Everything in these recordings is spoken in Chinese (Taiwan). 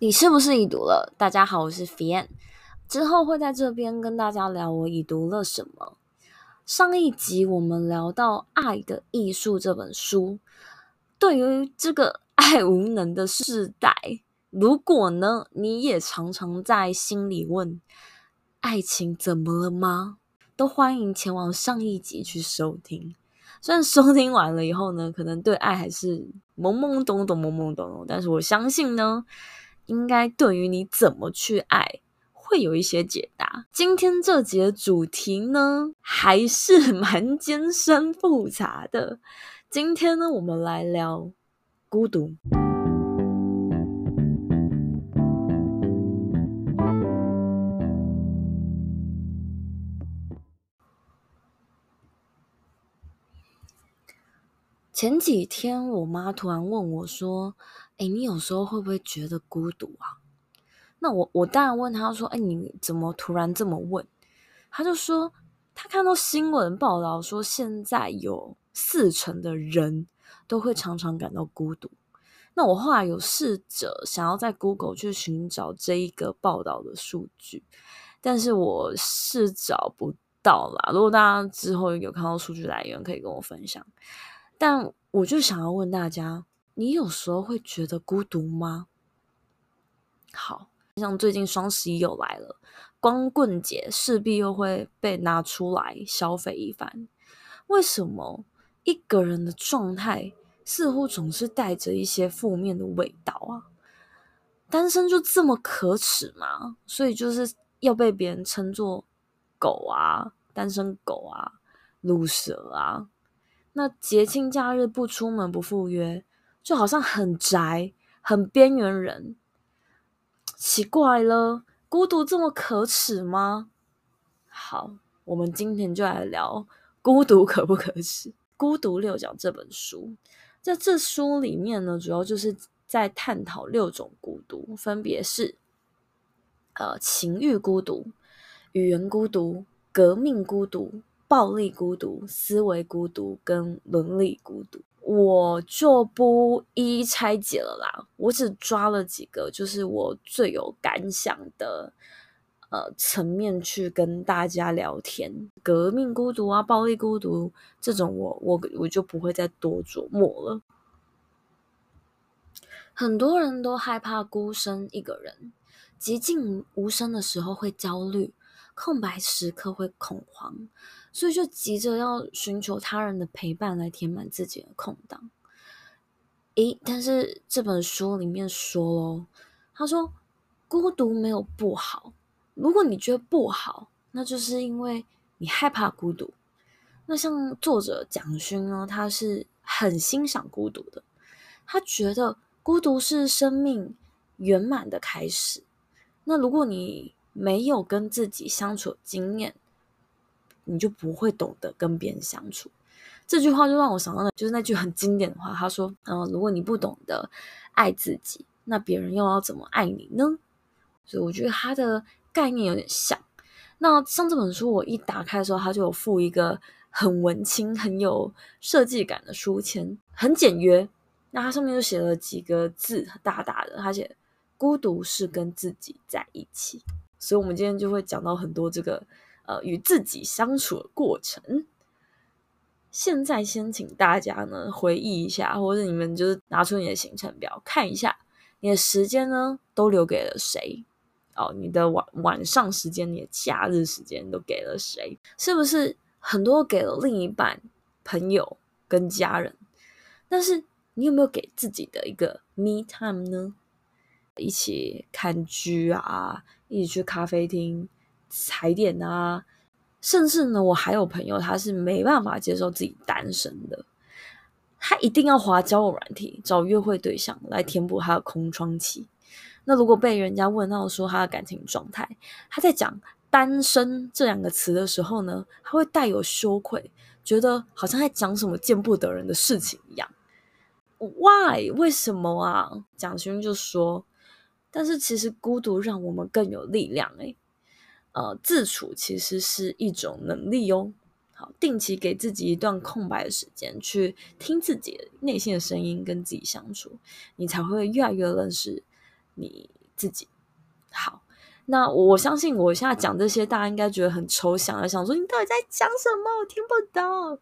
你是不是已讀了？大家好，我是 Fian，之後會在這邊跟大家聊我已讀了什麼。上一集我們聊到《愛的藝術》這本書，對於這個愛無能的世代，如果呢你也常常在心裡問愛情怎麼了嗎？都歡迎前往上一集去收聽。雖然收聽完了以後呢，可能對愛還是懵懵懂懂，懵懵懂懂，但是我相信呢。應該對於你怎麼去愛，會有一些解答。今天這節主題呢，還是蠻艱深複雜的。今天呢，我們來聊孤獨。前幾天我媽突然問我說：“誒，你有時候會不會覺得孤獨啊？”那我我當然問她說：“欸，你怎麼突然這麼問？”她就說她看到新聞報道說，現在有四成的人都會常常感到孤獨。那我後來有試着想要在 Google 去尋找這一個報道的數據，但是我是找不到啦。如果大家之後有看到數據來源，可以跟我分享。但我就想要問大家，你有時候會覺得孤獨嗎？好像最近雙十一又來了，光棍節勢必又會被拿出來消費一番。為什麼一個人的狀態似乎總是帶着一些負面的味道啊？單身就這麼可恥嗎？所以就是要被別人稱作狗啊，單身狗啊，魯蛇啊。那節慶假日不出門不赴約，就好像很宅、很邊緣人，奇怪了，孤獨這麼可恥嗎？好，我們今天就來聊孤獨可不可恥，《孤獨六講》這本書。在這書裡面呢，主要就是在探討六種孤獨，分別是：呃，情欲孤獨、語言孤獨、革命孤獨。暴力孤獨、思維孤獨跟倫理孤獨，我就不一一拆解了啦。我只抓了幾個，就是我最有感想的呃層面去跟大家聊天。革命孤獨啊、暴力孤獨這種我，我我我就不會再多琢磨了。很多人都害怕孤身一個人，寂靜無聲的時候會焦慮，空白時刻會恐慌。所以就急着要尋求他人的陪伴，來填滿自己的空檔。誒，但是這本書裡面說哦，他說孤獨沒有不好，如果你覺得不好，那就是因為你害怕孤獨。那像作者蔣勳呢，他是很欣賞孤獨的，他覺得孤獨是生命圓滿的開始。那如果你沒有跟自己相處經驗，你就不會懂得跟別人相處，這句話就讓我想到了，就是那句很經典的話，他說：“嗯，如果你不懂得愛自己，那別人又要怎麼愛你呢？”所以我覺得他的概念有點像。那像這本書，我一打開的時候，他就有附一個很文青、很有設計感的書籤，很簡約。那它上面就寫了幾個字，大大的，他寫：“孤獨是跟自己在一起。”所以，我們今天就會講到很多這個。呃，與自己相處的過程。現在先請大家呢回憶一下，或者是你們就是拿出你的行程表看一下，你的時間呢都留給了誰？哦，你的晚晚上時間，你的假日時間都給了誰？是不是很多給了另一半、朋友跟家人？但是你有沒有給自己的一個 me time 呢？一起看劇啊，一起去咖啡廳。彩點啊，甚至呢，我還有朋友，他是沒辦法接受自己單身的，他一定要滑交友軟體找約會對象來填補他的空窗期。那如果被人家問到說他的感情狀態，他在講“單身”這兩個詞的時候呢，他會帶有羞愧，覺得好像在講什麼見不得人的事情一樣。Why？Why? 為什麼啊？蔣勳就說：“但是其實孤獨讓我們更有力量。欸。”誒。呃，自處其實是一種能力喲、哦。好，定期給自己一段空白的時間，去聽自己內心的聲音，跟自己相處，你才會越來越認識你自己。好，那我相信我現在講這些，大家應該覺得很抽象，想說你到底在講什麼？我聽不懂，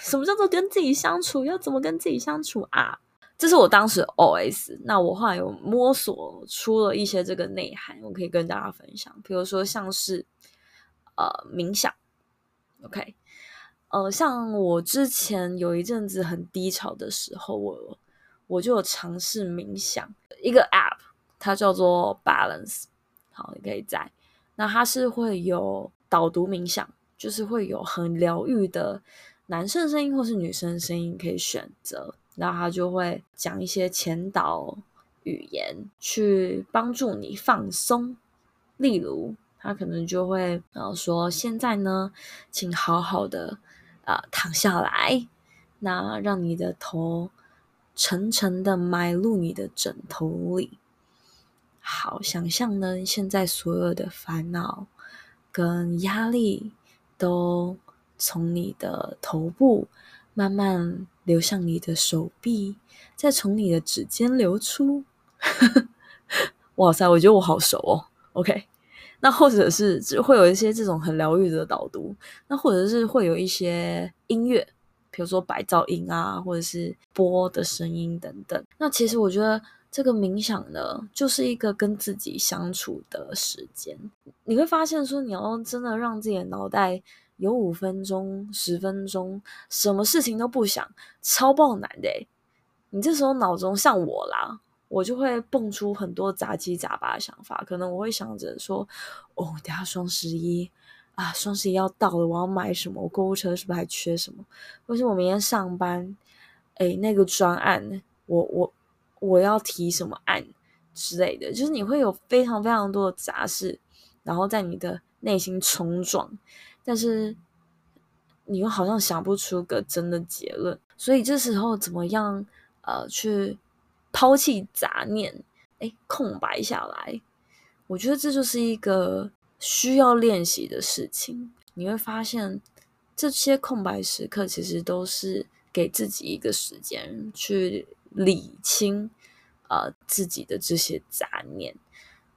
什麼叫做跟自己相處？要怎麼跟自己相處啊？這是我當時 OS。那我後來有摸索出了一些這個內涵，我可以跟大家分享。比如說，像是呃冥想，OK，呃，像我之前有一陣子很低潮的時候，我我就有嘗試冥想一個 App，它叫做 Balance。好，你可以載。那它是會有導讀冥想，就是會有很療癒的男生聲音或是女生聲音可以選擇。然後他就會講一些前導語言，去幫助你放鬆。例如，他可能就會然後說：“現在呢，請好好的啊、呃、躺下來，那讓你的頭沉沉的埋入你的枕頭裡。好，想象呢，現在所有的煩惱跟壓力都從你的頭部。”慢慢流向你的手臂，再從你的指尖流出。 哇塞，我覺得我好熟哦。OK，那或者是會有一些這種很療癒的導讀，那或者是會有一些音樂，比如說白噪音啊，或者是波的聲音等等。那其實我覺得這個冥想呢，就是一個跟自己相處的時間。你會發現說，你要真的讓自己的腦袋。有五分鐘、十分鐘，什麼事情都不想，超爆難的、欸。你這時候腦中像我啦，我就會蹦出很多雜七雜八的想法。可能我會想着說：“哦，等下雙十一啊，雙十一要到了，我要買什麼？我購物車是不是還缺什麼？或是我明天上班？誒、欸、那個專案，我我我要提什麼案之類的。”就是你會有非常非常多的雜事，然後在你的內心衝撞。但是你又好像想不出個真的結論，所以這時候怎麼樣？呃，去拋棄雜念，哎，空白下來，我覺得這就是一個需要練習的事情。你會發現，這些空白時刻其實都是給自己一個時間去理清呃自己的這些雜念。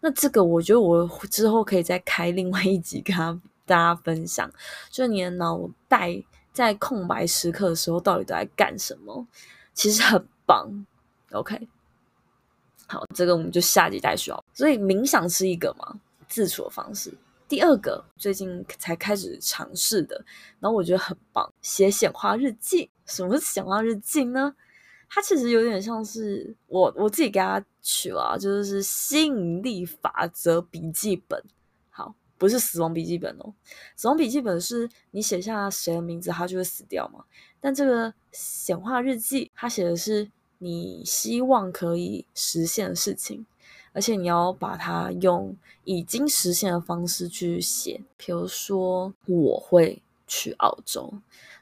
那這個，我覺得我之後可以再開另外一集跟他大家分享，就你的腦袋在空白時刻的時候，到底都在幹什麼？其實很棒。OK，好，這個我們就下集再說。所以，冥想是一個嘛自處的方式。第二個，最近才開始嘗試的，然後我覺得很棒，寫顯化日記。什麼顯化日記呢？它其實有點像是我我自己給它取了、啊，就是吸引力法則筆記本。不是死亡筆記本哦，死亡筆記本是你寫下誰的名字，他就會死掉嘛。但這個顯化日記，它寫的是你希望可以實現的事情，而且你要把它用已經實現的方式去寫。比如說，我會去澳洲，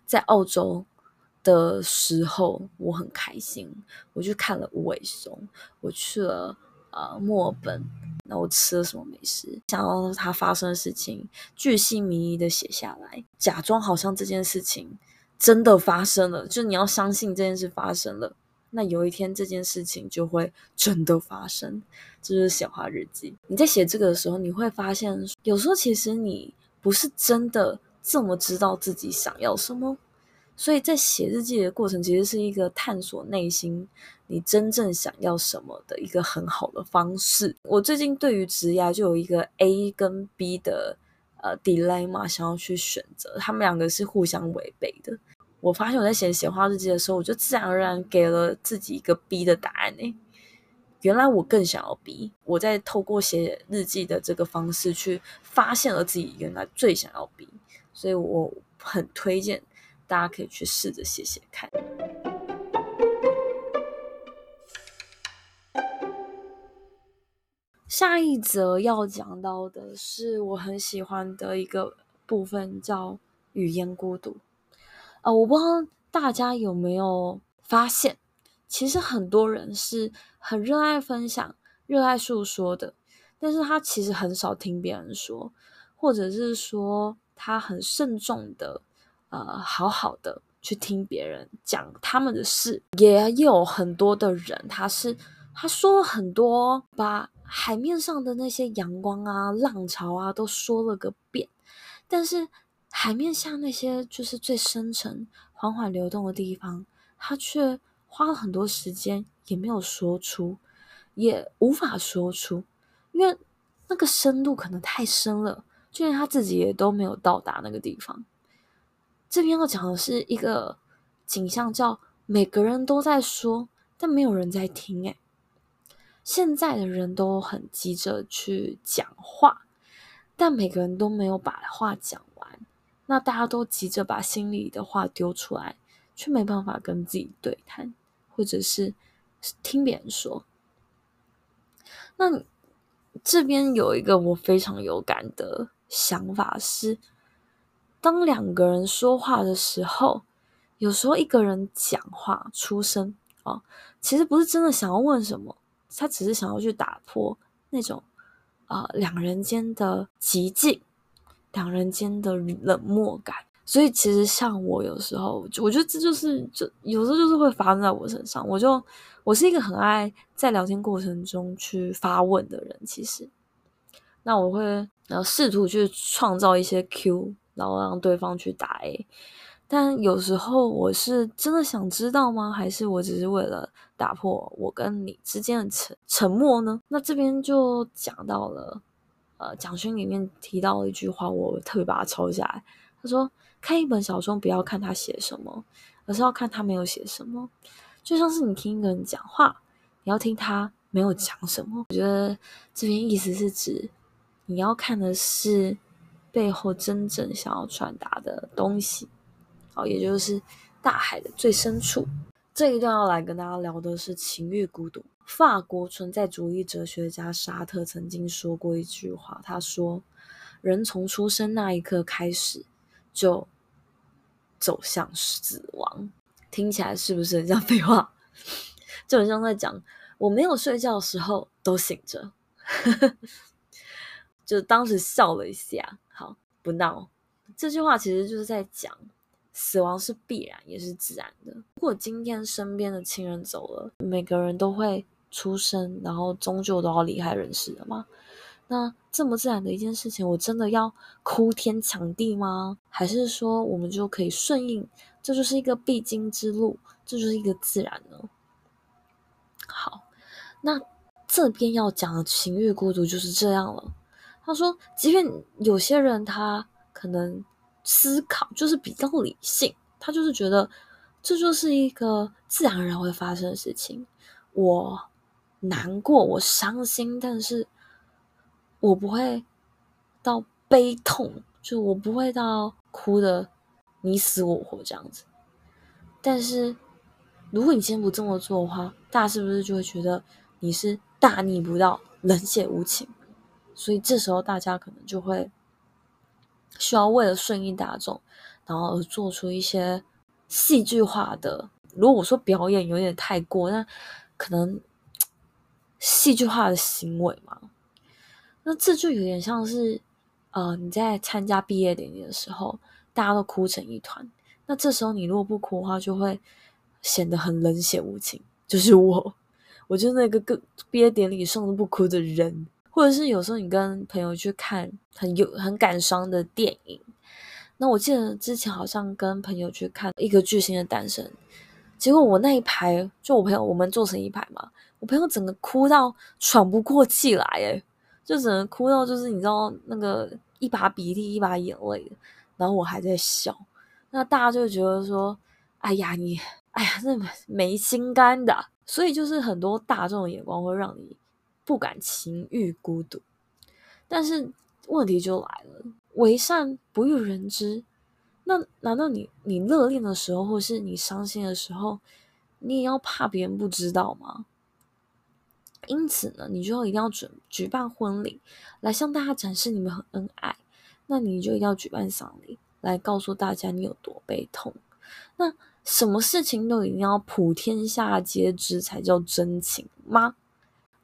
在澳洲的時候我很開心，我去看了無尾熊，我去了啊、呃、墨爾本。然後我吃了什麼美食，想到它發生的事情，巨細靡遺的寫下來，假裝好像這件事情真的發生了。就你要相信這件事發生了，那有一天這件事情就會真的發生。這就是顯化日記。你在寫這個的時候，你會發現，有時候其實你不是真的這麼知道自己想要什麼。所以在寫日記的過程，其實是一個探索內心你真正想要什麼的一個很好的方式。我最近對於職涯就有一個 A 跟 B 的呃 dilemma，想要去選擇，他們兩個是互相違背的。我發現我在寫寫畫日記的時候，我就自然而然給了自己一個 B 的答案，誒、欸。原來我更想要 B。我在透過寫日記的這個方式，去發現了自己原來最想要 B。所以我很推薦大家可以去試着寫寫看。下一則要講到的是我很喜歡的一個部分，叫語言孤獨。啊、呃，我不知道大家有沒有發現，其實很多人是很熱愛分享、熱愛訴說的，但是他其實很少聽別人說，或者是說他很慎重的，呃，好好的去聽別人講他們的事。也有很多的人，他是他說了很多吧。海面上的那些陽光啊、浪潮啊，都說了個遍，但是海面下那些就是最深層、緩緩流動的地方，他卻花了很多時間也沒有說出，也無法說出，因為那個深度可能太深了，就連他自己也都沒有到達那個地方。這邊要講的是一個景象，叫每個人都在說，但沒有人在聽、欸，哎。現在的人都很急着去講話，但每個人都沒有把話講完。那大家都急着把心裡的話丟出來，卻沒辦法跟自己對談，或者是聽別人說。那這邊有一個我非常有感的想法是：當兩個人說話的時候，有時候一個人講話出聲啊、哦，其實不是真的想要問什麼。他只是想要去打破那種啊、呃、兩人間的寂靜，兩人間的冷漠感。所以其實像我有時候，我覺得這就是就有時候就是會發生在我身上。我就我是一個很愛在聊天過程中去發問的人，其實那我會然後、呃、試圖去創造一些 Q，然後讓對方去答 A。但有時候我是真的想知道嗎？還是我只是為了？打破我跟你之間的沉沉默呢？那這邊就講到了，呃，蔣勳裡面提到的一句話，我特別把它抄下來。他說：“看一本小說，不要看他寫什麼，而是要看他沒有寫什麼。就像是你聽一個人講話，你要聽他沒有講什麼。”我覺得這邊意思是指你要看的是背後真正想要傳達的東西，好、哦，也就是大海的最深處。這一段要來跟大家聊的是情欲孤獨。法國存在主義哲學家沙特曾經說過一句話，他說：“人從出生那一刻開始就走向死亡。”聽起來是不是很像廢話？就很像在講“我沒有睡覺的時候都醒着”， 就當時笑了一下。好，不鬧。這句話其實就是在講。死亡是必然也是自然的。如果今天身邊的親人走了，每個人都會出生，然後終究都要離開人世的嘛。那這麼自然的一件事情，我真的要哭天搶地嗎？還是說我們就可以順應？這就是一個必經之路，這就是一個自然呢？好，那這邊要講的情欲孤獨就是這樣了。他說，即便有些人他可能。思考，就是比較理性，他就是覺得這就是一個自然而然會發生的事情。我難過，我傷心，但是我不會到悲痛，就我不會到哭得你死我活這樣子。但是如果你今天不這麼做的話，大家是不是就會覺得你是大逆不道、冷血無情？所以這時候大家可能就會。就要為了順應大眾，然後而做出一些戲劇化的，如果我說表演有點太過，那可能戲劇化的行為嘛。那這就有點像是，呃，你在參加畢業典禮的時候，大家都哭成一團，那這時候你如果不哭的話，就會顯得很冷血無情，就是我，我就是那個個畢業典禮上都不哭的人。或者是有時候你跟朋友去看很有很感傷的電影，那我記得之前好像跟朋友去看《一個巨星的誕生》，結果我那一排就我朋友，我們坐成一排嘛，我朋友整個哭到喘不過氣來，誒就只能哭到就是你知道那個一把鼻涕一把眼淚，然後我還在笑，那大家就覺得說，哎呀你，哎呀那沒心肝的，所以就是很多大眾的眼光會讓你。不敢情慾孤獨，但是問題就來了：為善不欲人知，那難道你你熱戀的時候，或是你傷心的時候，你也要怕別人不知道嗎？因此呢，你就要一定要準舉辦婚禮來向大家展示你們很恩愛，那你就一定要舉辦喪禮來告訴大家你有多悲痛。那什麼事情都一定要普天下皆知才叫真情嗎？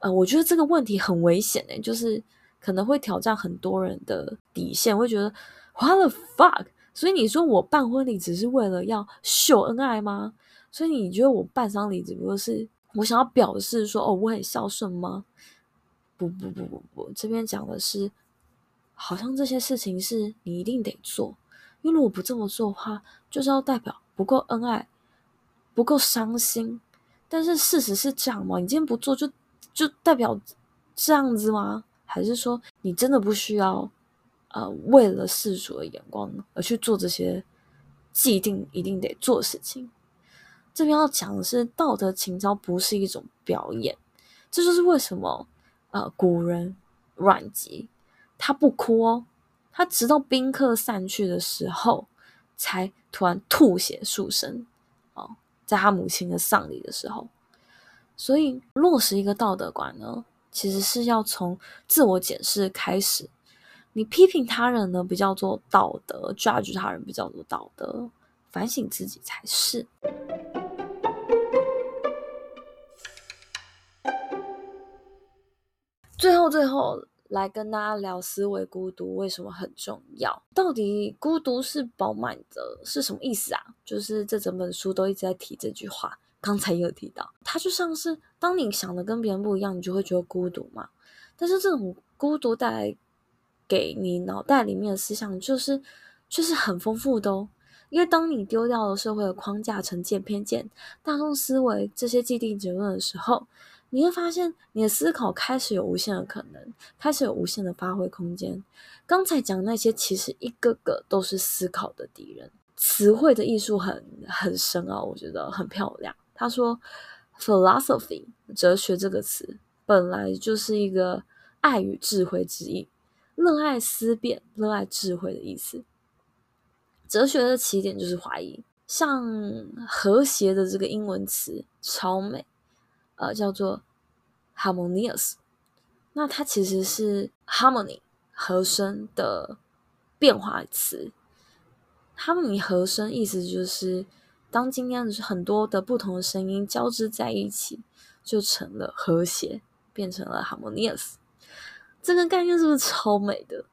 呃，我覺得這個問題很危險誒、欸，就是可能會挑戰很多人的底線。會覺得 What the fuck？所以你說我辦婚禮只是為了要秀恩愛嗎？所以你覺得我辦喪禮只不過是我想要表示說哦，我很孝順嗎？不不不不不，不不不，這邊講的是好像這些事情是你一定得做，因為如果不這麼做的話，就是要代表不夠恩愛、不夠傷心。但是事實是這樣嘛，你今天不做就？就代表這樣子嗎？還是說你真的不需要呃，為了世俗的眼光而去做這些既定一定得做事情？這邊要講的是道德情操不是一種表演，這就是為什麼呃，古人阮籍他不哭，哦，他直到賓客散去的時候才突然吐血數聲，哦，在他母親的喪禮的時候。所以落實一個道德觀呢，其實是要從自我檢視開始。你批評他人呢，不叫做道德；抓住他人，不叫做道德。反省自己才是。最後，最後來跟大家聊思維孤獨為什麼很重要。到底孤獨是飽滿的，是什麼意思啊？就是這整本書都一直在提這句話。剛才有提到，它，就像是當你想的跟別人不一樣，你就會覺得孤獨嘛。但是這種孤獨帶來給你腦袋裡面的思想，就是，就是卻是很豐富的哦。因為當你丟掉了社會的框架、成見、偏見、大眾思維這些既定結論的時候，你會發現你的思考開始有無限的可能，開始有無限的發揮空間。剛才講那些其實一個個都是思考的敵人。詞彙的藝術很很深奧哦，我覺得很漂亮。他說：“philosophy，哲學這個詞本來就是一個愛與智慧之意，熱愛思辨、熱愛智慧的意思。哲學的起點就是懷疑。像和諧的這個英文詞超美，呃，叫做 harmonious。那它其實是 harmony 和聲的變化詞。harmony 和聲意思就是。”當今天很多的不同的聲音交織在一起，就成了和諧，變成了 harmonious。這個概念是不是超美的？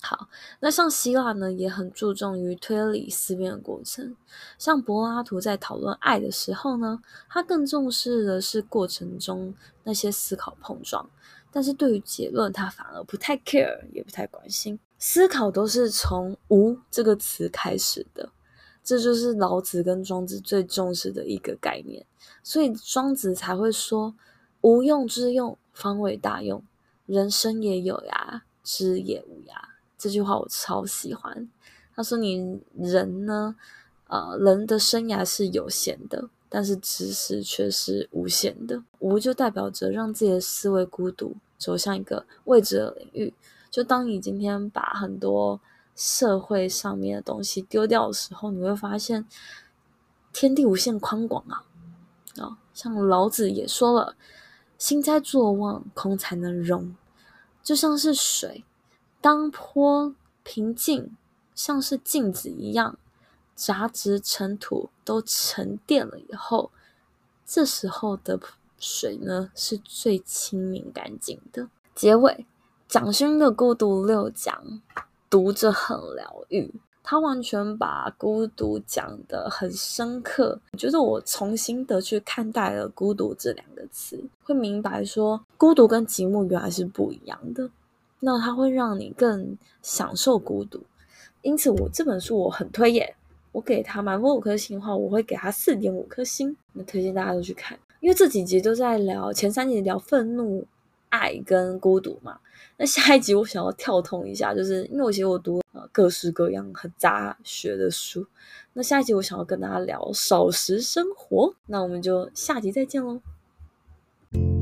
好，那像希臘呢，也很注重於推理思辨的過程。像柏拉圖在討論愛的時候呢，他更重視的是過程中那些思考碰撞，但是對於結論，他反而不太 care，也不太關心。思考都是從“無”這個詞開始的。這就是老子跟莊子最重視的一個概念，所以莊子才會說“無用之用，方為大用”。人生也有涯，知也無涯。這句話我超喜歡。他說：“你人呢？呃，人的生涯是有限的，但是知識卻是無限的。無就代表着讓自己的思維孤獨，走向一個未知的領域。就當你今天把很多。”社會上面的東西丟掉的時候，你會發現天地無限寬廣啊！啊、哦，像老子也說了：“心齋坐忘，空才能容。”就像是水，當波平靜，像是鏡子一樣，雜質塵土都沉澱了以後，這時候的水呢是最清明乾淨的。結尾，蔣勳的孤獨六講。讀着很療癒，他完全把孤獨講得很深刻，就是我重新的去看待了孤獨這兩個詞，會明白說孤獨跟寂寞原來是不一樣的，那它會讓你更享受孤獨，因此我這本書我很推薦，我給他滿分五顆星的話，我會給他四點五顆星，那推薦大家都去看，因為這幾集都在聊，前三集聊憤怒。愛跟孤獨嘛，那下一集我想要跳通一下，就是因為我其實我讀各式各樣很雜學的書，那下一集我想要跟大家聊少食生活，那我們就下集再見嘍。